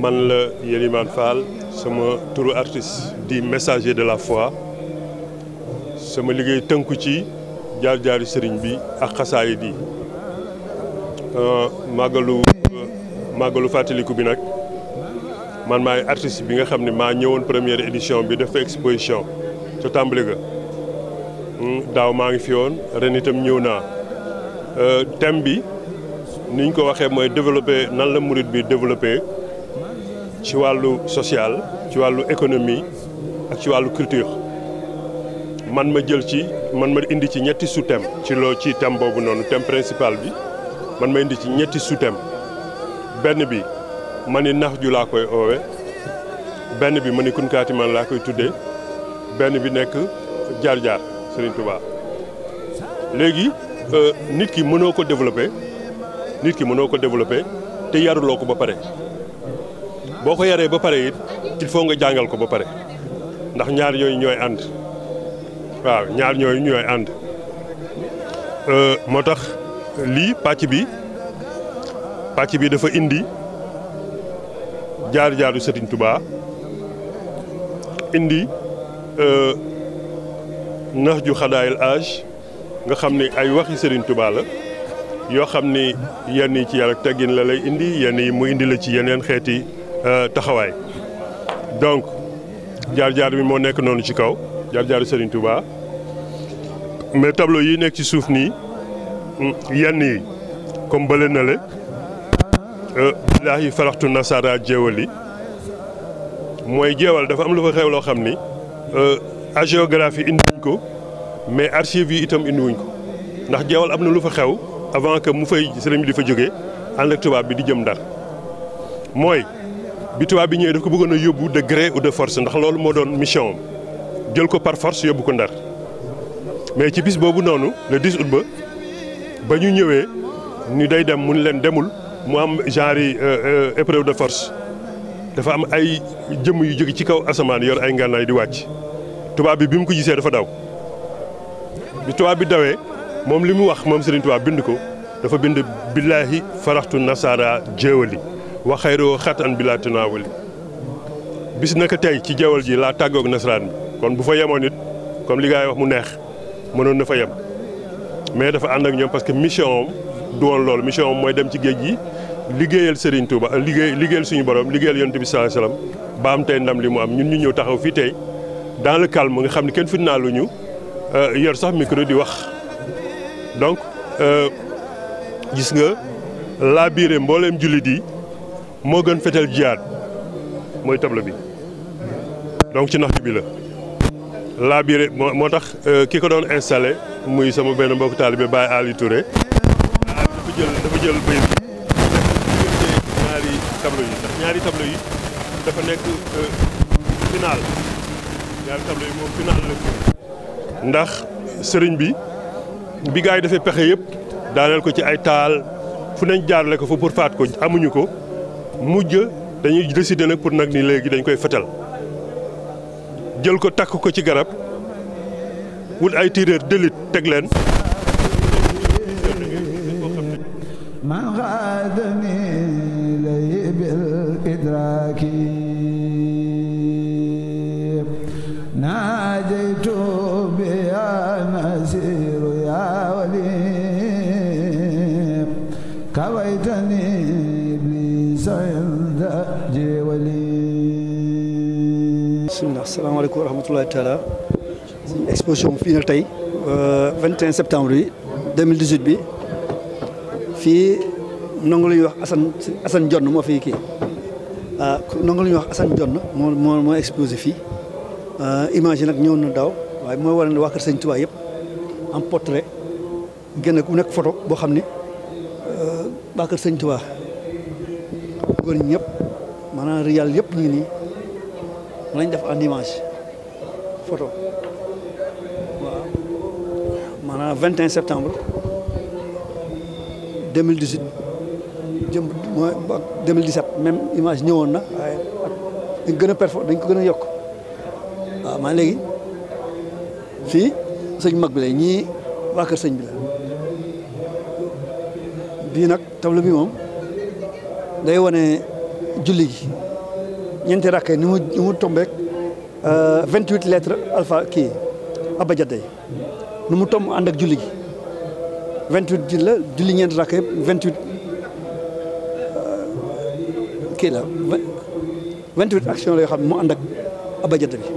man la Yélimane Fall sama turu artiste di messager de la foi sama liggéey tënku ci jaar-jaaru sëriñ bi ak xasaay di euh, màggalu lu fàttaliku bi nag man maay artiste bi nga xam ne maa ñëwoon première édition bi def exposition ca tàmbali ga hmm, daaw maa ngi fi woon ren itam ñëw naa euh, thème bi ni ñu ko waxee mooy développer nan la murit bi développer ci wàllu social ci wàllu économie ak ci wàllu culture man ma jël ci man ma indi ci ñetti sous ci loo ci thème boobu noonu thème principal bi man ma indi ci ñetti sous benn bi ma ni nax ju laa koy oowe benn bi ma ni kunkaati man laa koy tuddee benn bi nekk jaar-jaar Serigne Touba léegi euh, nit ki mënoo ko développer nit ki mënoo ko développer te yaruloo ko ba pare boo ko yaree ba pare it il nga jàngal ko ba pare ndax ñaar yooyu ñooy ànd waaw ñaar yooyu ñooy ànd euh, moo tax lii pàcc bi pàcc bi dafa indi jaar jaaru Sëriñ tubaa indi euh, nax ju xadaayil age nga xam ne ay waxi Sëriñ Tuubaa la yoo xam ni yenn yi ci yar ak la lay indi yenn yi mu indi la ci yeneen xeeti Euh, taxawaay donc jaar-jaar bi moo nekk noonu ci kaw jaar-jaaru Serigne Touba mais tableau yi nekk ci suuf nii yenn yi comme bële na le euh, billaahi faraxtu nasara jéewal yi mooy jeewal dafa am lu fa xew loo xam ni euh, agéographie indiwuñ ko mais archives yi itam indiwuñ ko ndax jeewal am na lu fa xew avant que mu fay sëriñ bi di fa jóge ànd tubaab bi di jëm Ndar mooy bi tubaab bi ñëwee daf ko bëggoon a yóbbu de gré ou de force ndax loolu moo doon mission jël ko par force yóbbu ko ndar mais ci bis boobu noonu le 10 août ba ba ñu ñëwee ni day dem mu ni leen demul mu am genre euh, euh, épreuve de force dafa am ay jëmm yu jóge ci kaw asamaan yor ay ngànnaay di wàcc tubaab bi bi mu ko gisee dafa daw bi tubaab bi dawee moom li mu wax moom Serigne Touba bind ko dafa bind billaahi faraxtu nasaara jéewali wa xayroo xatan bi laa tinaawali bis naka tey ci jawal ji laa tàggoog nasaraan bi kon bu fa yemoon it comme li yi wax mu neex mënoon na fa yem mais dafa ànd ak ñoom parce que mission am du woon loolu mission mooy dem ci géej gi liggéeyal Serigne Touba liggéey liggéeyal suñu borom liggéeyal yonent bi sallallahu alayhi wasallam ba am tey ndam li mu am ñun ñu ñëw taxaw fii tey dans le calme nga xam ne kenn ñu euh, yor sax micro di wax donc euh, gis nga laa biire mbooleem jullit yi moo gën fetal jihaad mooy tableau bi donc ci naxtu bi la laabiré moo tax euh, ki ko doon installé muy sama benn mbokk taalibe Baye Ali dafa jël dafa bi ñaari tableau yi ñaari tableau yi dafa nekk euh, final ñaari tableau yi moom final la ndax sëriñ bi bi gars yi defee pexe yëpp daaneel ko ci ay taal fu nañ jaarale ko fa pour faat ko amuñu ko mujj dañuy décider nag pour nag ni léegi dañ koy fetal jël ko takk ko ci garab wut ay tireur d'élite teg leen. كويتني عند أجي ولي bismillah salaamaaleykum wa rahmatulahi taala exposition fii nag tey 21 euh, septembre bi 2018 bi fii nangu la wax Assane Assane Dione moo fi kii ah nangu la wax Assane Dione moo moo moo fii euh, image yi nag ñëw na daaw waaye mooy waral ne waa Kër Sëñ Tuubaa yëpp en portrait gën ku nekk foto boo xam ni euh, waa Sëñ Tuubaa bëggoon ñëpp maanaam Riyal yëpp ñu ngi nii mën def en image photo waaw maanaam 21 septembre 2018 jëm mooy même image ñëwoon na gën a dañ ko gën a yokk maa léegi fii sëñ mag bi la ñii waa kër sëñ bi la bii nag table bi moom. day wane julli gi ñeenti rakk ni mu ni mu tombeek euh, vingt huit lettres alpha kii abajadey nu mu tomb ànd ak julli gi vingt huit ji la julli ñeenti rakk yëpp vingt huit euh, kii la vingt huit action la yoo xam ne mu ànd ak abajada bi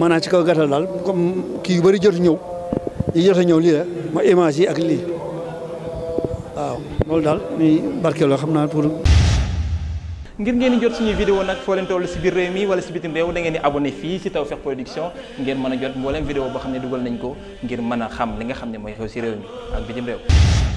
waaw ci kaw gàttal daal comme kii yu bëri jotu ñëw yi jotu ñëw lii la ma image yi ak lii waaw loolu daal ñuy barkeeloo xam naa pour. ngir ngeen di jot suñuy vidéo nag foo leen toll si biir réew mi wala si bitim réew da ngeen di abonné fii si Tawfekh Production ngeen mën a jot mbooleem vidéo boo xam ne dugal nañ ko ngir mën a xam li nga xam ne mooy xew si réew mi ak bitim réew.